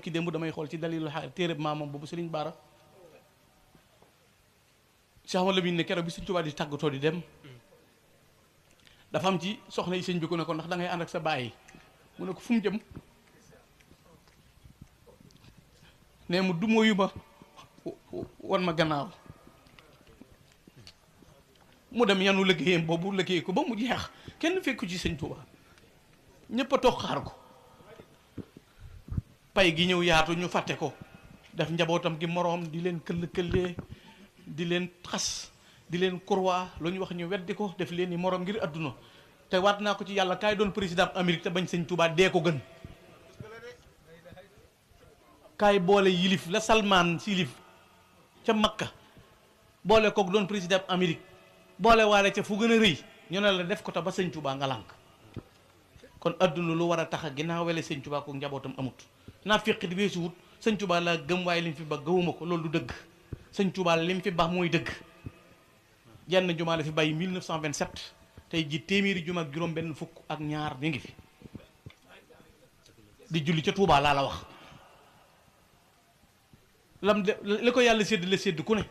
ki démb damay xool ci dalilu xaar téereb maamam boobu sëriñ baara Cheikh Ahmad Lamine ne bi sëñ Tuubaa di tàggatoo di dem dafa am ci soxna yi sëñ bi ko ne ko ndax dangay ngay ànd ak sa bàyyi mu ne ko fu mu jëm ne mu dumóoyu ma wan ma gannaaw mu dem yanu liggéeyam boobu liggéey ko ba mu jeex kenn fekku ci sëñ Tuubaa ñëpp a xaar ko pay gi ñew yaatu ñu faté ko def njabotam gi morom di len keul keulé di len tras di len kurwaa wax ñu ko def len ni morom ngir aduna té wat na ko ci yalla kay doon président Amérique té bañ señ Touba dé ko gën kay boole yilif la Salman silif ca Makka boole ko doon président Amérique boole walé ca fu gëna reuy ñu na la def ko ta ba señ Touba nga lank kon aduna lu wara a tax a señ Touba ko njabotam amut naa féqi di weesu wut sëñ Tuubaa laa gëm waaye lim fi ba gëwuma ko loolu du dëgg sëñ Tuubaa lim fi ba mooy dëgg jenn jumaa la fi bàyyi 1927 tey ji téeméeri jumaa ak juróom benn fukk ak ñaar mi ngi fi di julli ca Tuubaa laa la wax lam de li ko yàlla sédd la sédd ku ne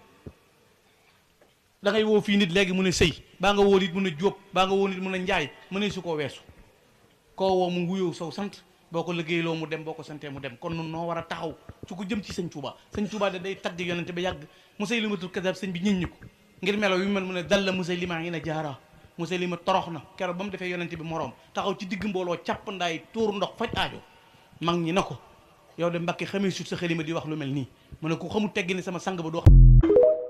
da woo fii nit léegi mun a sëy baa nga woo nit mun a jóob baa nga woo nit mun a njaay mu ne su koo weesu koo woo mu wuyoo saw sant boo ko liggéeyloo mu dem boo ko santee mu dem kon nun noo war a taxaw ci ku jëm ci sëñ Touba sëñ Touba da day tagg yonente bi yàgg Musaylimatul Kazzaab sëñ bi ñiñ ñi ko ngir melo yu mel mu ne dal la Musaylima ngi na jaara Musaylima torox na keroog ba mu defee yonente bi moroom taxaw ci digg mbooloo càpp ndaay tuur ndox faj aajo mag ñi ne ko yow de Mbàkke xamee sut sa xalima di wax lu mel nii mu ne ku xamu tegg ni sama sang ba doo xam